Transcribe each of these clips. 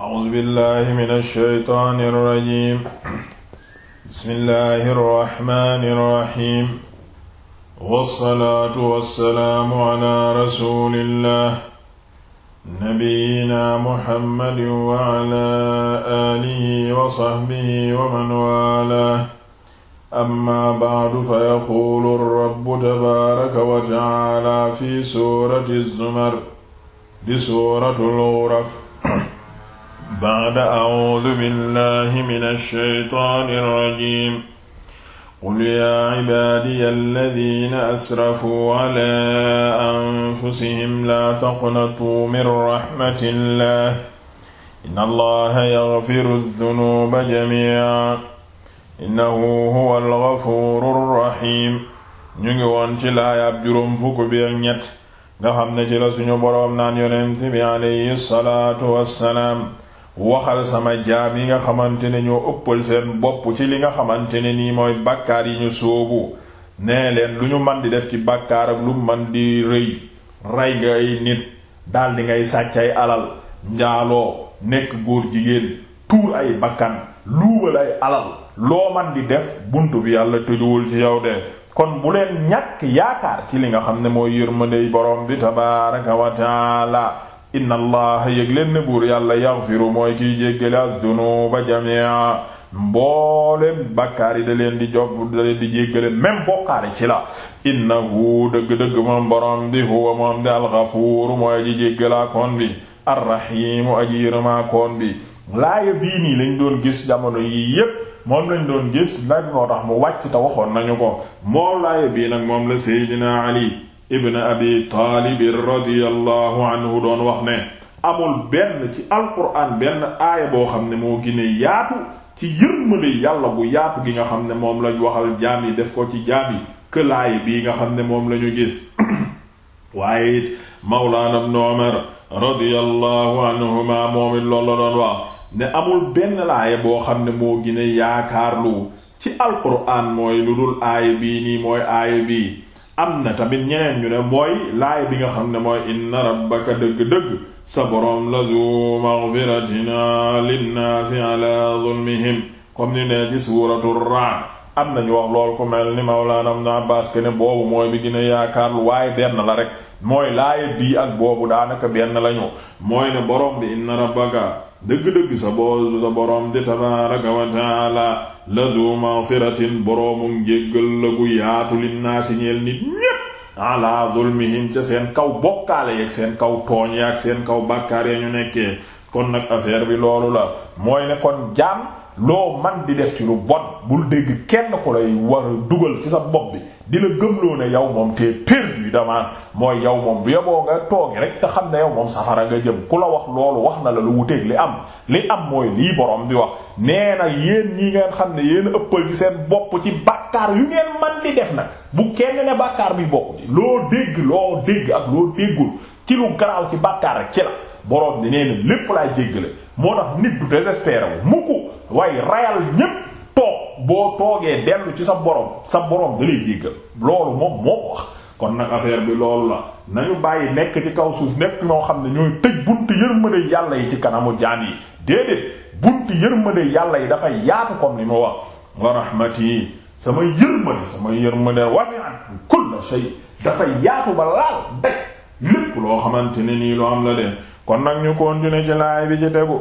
أعوذ بالله من الشيطان الرجيم بسم الله الرحمن الرحيم والصلاة والسلام على رسول الله نبينا محمد وعلى آله وصحبه ومن والاه أما بعد فيقول الرب تبارك وتعالى في سورة الزمر بسورة الغرف ba'da a'uudu billahi mina shaytaani rajiim qul yaa cibaadiya alladiina asrafuu calaa anfusihim laa taqnatuu min raxmatillaah inna allaha yaghfiru dunuuba jamiican innahu huwal gafuurur raxiim ñu ngi woon ci laayaab juróom fukk bi ak ñett nga xam ne ci la suñu boroom naan yonent bi alayhi salaatu wassalaam waxal sama jaam yi nga xamante ne ñoo ëppal seen bopp ci li nga xamante ne nii mooy bàkkaar yi ñu sóobu nee leen lu ñu man di def ci bàkkaar ak lu man di rëy rey nga ay nit daldi ngay sàcc ay alal njaaloo nekk góor jigéen tuur ay bakkan luubal ay alal loo man di def bunt bi yàlla tëjuwul ci yow de kon bu leen ñàkk yaakaar ci li nga xam ne mooy yërmandey borom bi tabaaraka wa taala inna allaha yëg leen ne buur yàlla yaghfiru mooy kiy jéggale az-zunuba jami'a mbooleem bàkkaar yi da leen di jog da di jéggale même bokkaar yi ci la innahu dëgg-dëgg moom borom bi huwa moom di al-ghafuur mooy aji jéggalaa koon bi ar-rahiimu aji yërëmaa koon bi laaya bii ni lañ doon gis jamono yi yépp moom lañ doon gis nag moo tax mu wàcc te waxoon nañu ko moo laaya bii nag moom la Seydina Ali ibn abi taalib radiyallahu anhu doon wax ne amul benn ci alquran benn aaya boo xam ne moo gine yaatu ci yàlla bu yaatu gi nga xam ne moom lañ waxal jaam yi ci jaam yi bii nga xam ne moom la ñu gis waaye it mawlaana ibn ne amul benn laaya boo xam ne moo gine mooy lu dul aaya bii nii mooy aaya bii am na tamit ñeneen ñu ne mooy laay bi nga xam ne mooy inna rabbaka dëgg-dëgg sa boroom la zu maghfiratina linnaasi ala zulmihim comme ni ne ci suuratu raad am nañu wax lool ko mel ni mawlaana ibn Abbaas ne boobu mooy bi gën a yaakaar waaye benn la rek mooy laay bii ak boobu daanaka benn lañu mooy ne boroom bi inna rabbaka dëgg-dëgg sa boo sa boroom di tabaaraka wa taala la du maghfiratin boroomu njéggal la gu yaatu linnaasi ñeel nit ñépp ala zulmihim ca seen kaw bokkaale yeeg seen kaw tooñ yaak seen kaw bàkkaar ya ñu nekkee kon nag affaire bi loolu la mooy ne kon jaam loo man di def ci lu bon bul dégg kenn ku lay war a dugal ci sa bopp bi di la gëmloo ne yow moom t'es perdu d'avance mooy yow moom bu yoboo nga toogi rek te xam ne yow moom safara nga jëm ku la wax loolu wax na la lu wuteeg li am li am mooy lii boroom bi wax nee na yéen ñi ngeen xam ne yéen ëppal ci seen bopp ci bàkkaar yu ngeen man di def nag bu kenn ne bàkkaar bi bokk ci loo dégg loo dégg ak loo déggul ci lu garaaw ci bàkkaar rek ci la borom bi nee lépp laay jéggale moo tax nit du désespéré mukk waaye rayal ñépp toog boo toogee dellu ci sa borom sa borom da lay jéggal loolu moom moo wax kon nag affaire bi loolu la nañu bàyyi nekk ci kaw suuf nekk ñoo xam ne ñooy tëj buntu yërmande yàlla yi ci kanamu jaan yi déedéet buntu yërmande yàlla yi dafa yaatu comme ni mu wax wa rahmati sama yërmande sama yërmande wasi'at kull shay dafa yaatu ba laal daj lépp loo xamante ne nii lu am la de kon nag ñu continuer ci laay bi ci tegu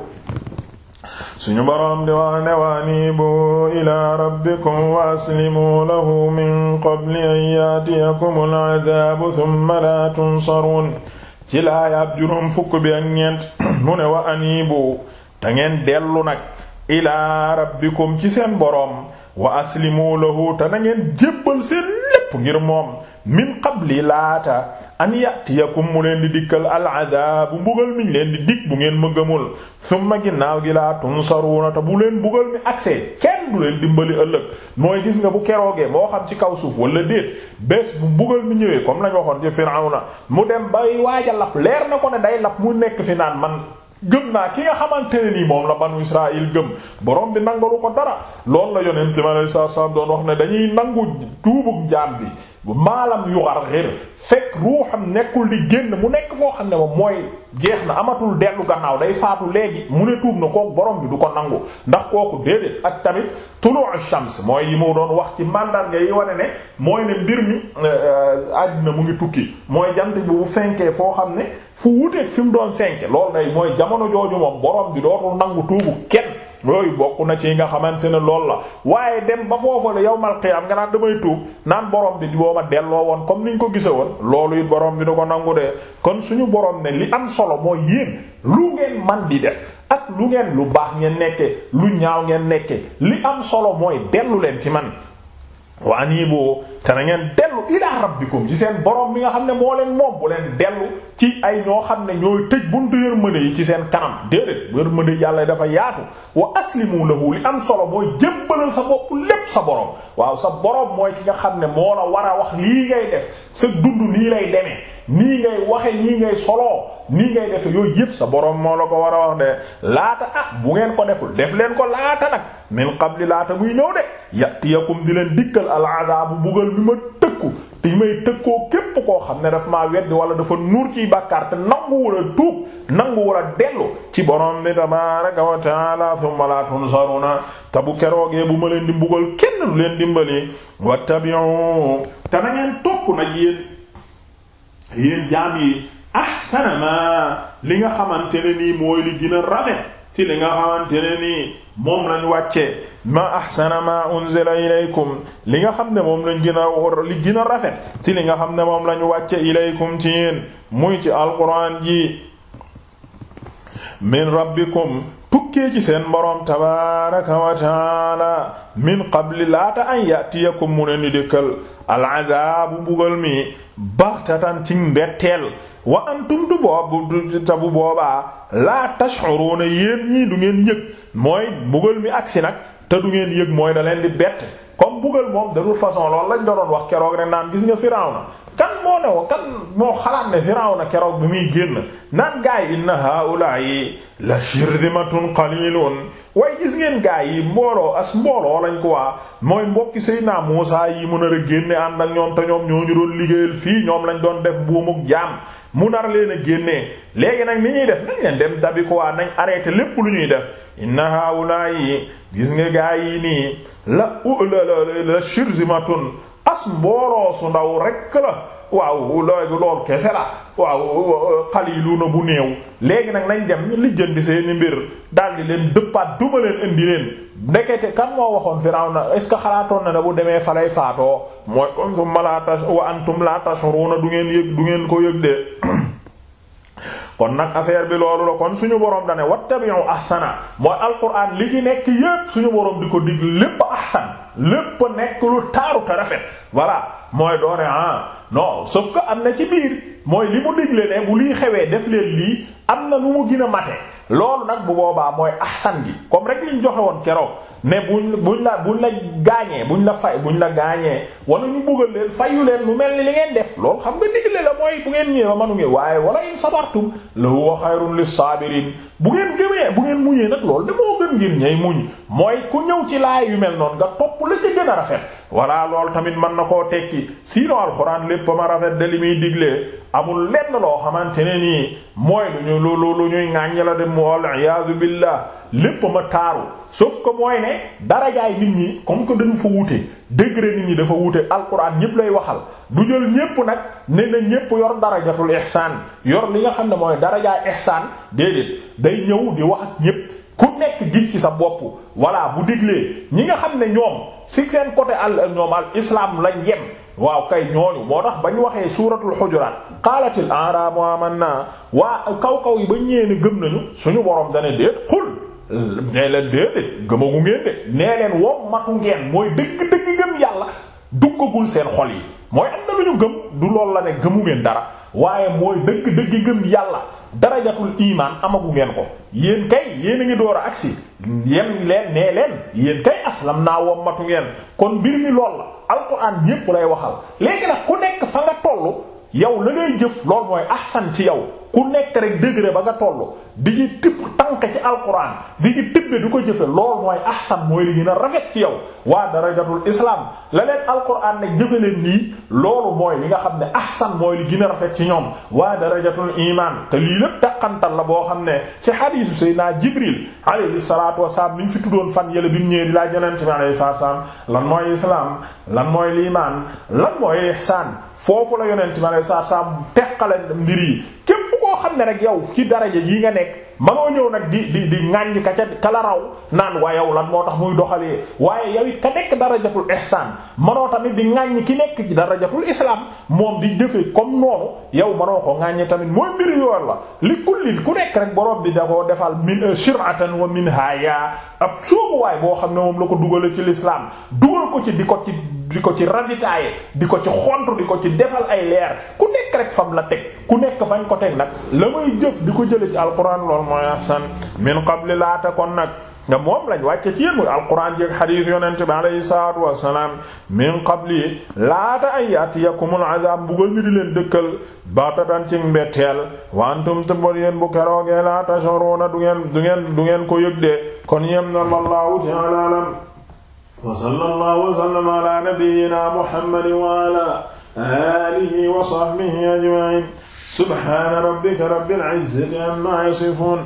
suñu boroom di wax ne wa anibu ila rabbikum wa aslimu lahu min qabli an yaatiyakum al'adaabu thumma la tunsaruun ci fukk bi ak ñeent mu wa anibu te ngeen dellu nag ilaa rabbikum ci seen borom wa aslimu lahu te na ngeen jébbal seen lépp moom min qabli laata an yatiyakum mu leen di dikkal bu mbugal miñ leen di dik bu ngeen ma gëmul summa ginnaaw gi laa tunsaruuna te bu leen mbugal mi agsee kenn du leen dimbali ëllëg mooy gis nga bu keroogee moo xam ci kaw suuf wala déet bés bu mbugal mi ñëwee comme lañ waxoon ci Firawna mu dem bay waaja lap leer na ko ne day lap mu nekk fi naan man gëm naa ki nga xamante ne nii moom la banu Israël gëm borom bi nangalu ko dara loolu la yonent bi sallallahu alayhi wasallam doon wax ne dañuy nangu tuubug jaam bi maalam yu xar fekk ruuxam nekkul di génn mu nekk foo xam ne moom mooy jeex na amatul dellu gannaaw day faatu léegi mu ne tuub na kooku boroom bi du ko nangu ndax kooku déedéet ak tamit tulu'u shams mooy yi mu doon wax ci màndarga yi wane ne mooy ne mbir mi euh, euh, àddina mu ngi tukki mooy jant bi bu fenkee foo xam ne fu wuteeg fi mu doon fenke lool day mooy jamono jooju moom borom bi dootul nangu tuubu kenn yooyu bokk na ci nga xamante ne loolu la waaye dem ba foofale yow qiyaam nga naan damay tuub naan borom bi boo ma delloo woon comme ñu ko gise woon loolu it borom bi du ko nangu de kon suñu borom ne li am solo mooy yéen lu ngeen man di def ak lu ngeen lu baax ngeen nekke lu ñaaw ngeen nekke li am solo mooy dellu leen ci man wa anibu te na ngeen dellu ilaa rabbikum ci seen borom mi nga xam ne moo leen moom bu leen dellu ci ay ñoo xam ne ñooy tëj buntu yërmande yi ci seen kanam déedéet yërmande yàlla dafa yaatu wa aslimu lahu li am solo mooy jébbalal sa bopp lépp sa borom waaw sa borom mooy ki nga xam ne moo la war a wax lii ngay def sa dund nii lay demee nii ngay waxe nii ngay soloo nii ngay defe yooyu yëpp sa borom moo la ko war a wax de laata a ah, bu ngeen ko deful def leen ko laata nag min qabli laata muy ñëw de yatiyakum di leen dikkal aladabu bugal bi ma tëkku te may tëkkoo képp koo xam ne dafa maa weddi wala dafa nuur ciy bàkkaar te nanguwul a tuub nanguwul a dellu ci borom bi tabaraka wa taala thumma la tunsaruna te bu keroogee bu ma leen di mbugal kenn lu leen dimbali wattabi'u te na ngeen topp nag yéen jaam yi ahsana li nga xamante ne nii mooy li rafet ci li nga xamante ne nii moom lañu wàccee maa ahsana ma unzila ilaykum li nga xam ne moom lañ gën a li gën a rafet ci li nga xam ne moom lañ wàcce ilaykum ci yéen muy ci alquran ji min rabbikum tukkee ci seen boroom tabaaraka wa taala min qabli laata an yatiyakum mu ne ni dëkkal al adaabu bugal mi baxtatan ci mbetteel wa antum du boobu ta bu boobaa laa tash'uruna yéen ñii du ngeen yëg mooy mbugal mi agsi nag te du ngeen yëg mooy da leen di bett comme mbugal moom da toute façon loolu lañ doon wax keroog rek naan gis nga Firawna ne woo kan moo xalaat ne Firawna keroog bi muy génn naan gaa yi inna haa'ulaa'i la shirdimatun qaliilun waaye gis ngeen gaa yi mbooloo as mbooloo lañ ko waa mooy mbokki Seydina Muusaa yi mu nar a génne ànd ak ñoom te ñoom ñoo ñu doon fii ñoom lañ doon def buumuk jaam mu nar leen a génnee léegi nag ni ñuy def nañ leen dem dabi ko waa nañ arrêté lépp lu ñuy def inna haa'ulaa'i gis nga gaa yi nii la la la shirdimatun as mbooloo su ndaw rekk la waaw looy loolu kese la waaw xaliluuna bu néew léegi nag nañ dem lijjanti seeni mbir daldi leen dëppaat duma leen indi leen ndekete kan moo waxoon Firawna est-ce que xalaatoon na ne bu demee falay faatoo mooy antum la tash wa antum la na du ngeen yëg du ngeen ko yëg de kon nag affaire bi loolu la kon suñu borom da ne wattabi'u ahsana mooy alquran li ci nekk yépp suñu borom di ko dig lépp ahsan lépp nekk lu taaru rafet voilà mooy doone ah non sauf que am na ci biir mooy li mu digle ne bu liy xewee def leen lii am na nu mu gën a mate loolu nag bu boobaa mooy ahsan gi comme rek liñ joxe woon keroog mais buñ buñ la buñ la gaañee buñ la fay buñ la gaañee wala ñu buggal leen fayu leen lu mel ni li ngeen def loolu xam nga digle la mooy bu ngeen ñëwee ba manu ngeen waaye wala in sabartum la huwa xayrun lis-saabiriin bu ngeen gëmee bu ngeen muñee nag loolu de moo gën ngir ñay muñ mooy ku ñëw ci laay yu mel noonu nga topp la ca a rafet voilà loolu tamit mën na koo tekki sinon alxuraan lépp ma rafet de li muy digle amul lenn loo xamante ne nii mooy lu ñu lu lu ñuy ŋàññi la dem wal iyaazu billah lépp ma taaru sauf que mooy ne darajaay nit ñi comme que dañu fa wuute degré nit ñi dafa wuute alxuraan ñépp lay waxal du jël ñépp nag ne na ñépp yor darajatul ihsaan yor li nga xam ne mooy darajaay ihsaan déedéet day ñëw di wax ak ñépp ku nekk gis ci sa bopp voilà bu diglee ñi nga xam ne ñoom si seen côté al ñoom al islam lañ yem waaw kay ñooñu moo tax bañ waxee suuratul xujuraat qaalatil a'raabu aamanna waa kaw kaw yi ba ñëwee ne gëm nañu suñu borom dana déet xul nee leen déedéet gëmagu ngeen de nee leen wom matu ngeen mooy dëgg-dëgg ngëm yàlla duggagul seen xol yi mooy am na lu ñu gëm du loolu la ne gëmu ngeen dara waaye mooy dëgg-dëgg ngëm yàlla. darajatul iimaan amagu ngeen ko yéen kay yéen a ngi door a agsi yem leen nee leen yéen kay aslam naa wommatu ngeen kon mbir mi lool la alquran ñépp lay waxal léegi nag ku nekk fa nga tollu yow la ngay jëf lool mooy ahsan ci yow ku nekk rek degré ba nga toll di ci tibb tànk ci alquran di ci tibbe di ko jëfe lool mooy ahsan mooy li gën a rafet ci yow waa darajatul islam la leen alquran ne jëfe leen nii loolu mooy li nga xam ne ahsan mooy li gën a rafet ci ñoom waa darajatul iman te lii lépp daqantal la boo xam ne ci xadiisu Seydina Jibril alayhi salaatu wasalaam ni ñu fi tuddoon fan yële bi ñëwee di laaj yonent bi alayhi salaatu wasalaam lan mooy islam lan mooy liimaan lan mooy la yonent bi alayhi salaatu wasalaam teqale mbir yi xam ne rek yow ci daraja yi nga nekk manoo ñëw nag di di di ŋàññ ka ca kala raw naan waa yow lan moo tax muy doxalee waaye yow it ka nekk darajatul ihsaan manoo tamit di ŋàññ ki nekk ci darajatul islam moom di jëfee comme noonu yow manoo ko ŋàññi tamit mooy mbir yoon la li kullin ku nekk rek borom bi da ko defal min shir'atan wa minhaaya ab soobuwaay boo xam ne moom la ko dugale ci lislaam dugal ko ci di ko ci di ko ci ravitaaye di ko ci xont di ko ci defal ay leer ku nekk rek fam la teg ku nekk fañ ko teg nag la may jëf di ko jële ci alquran lool mooy ahsan min qabli laata kon nag nga moom lañ wàcce ci yéen mu alquran jéeg xadiis yonente bi alayhi salaatu wassalaam min qabli laata ay yatiyakumul azab mbugal mi di leen dëkkal batatan ci mbetteel wantum te bor bu keroogee laa tashuruna du ngeen ko yëg de kon yem na wallahu ta'ala alam wa sallallahu ala nabiyyina muhammadin wa ala alihi wa sahbihi ajma'in subhana rabbika rabbil izzati amma yasifun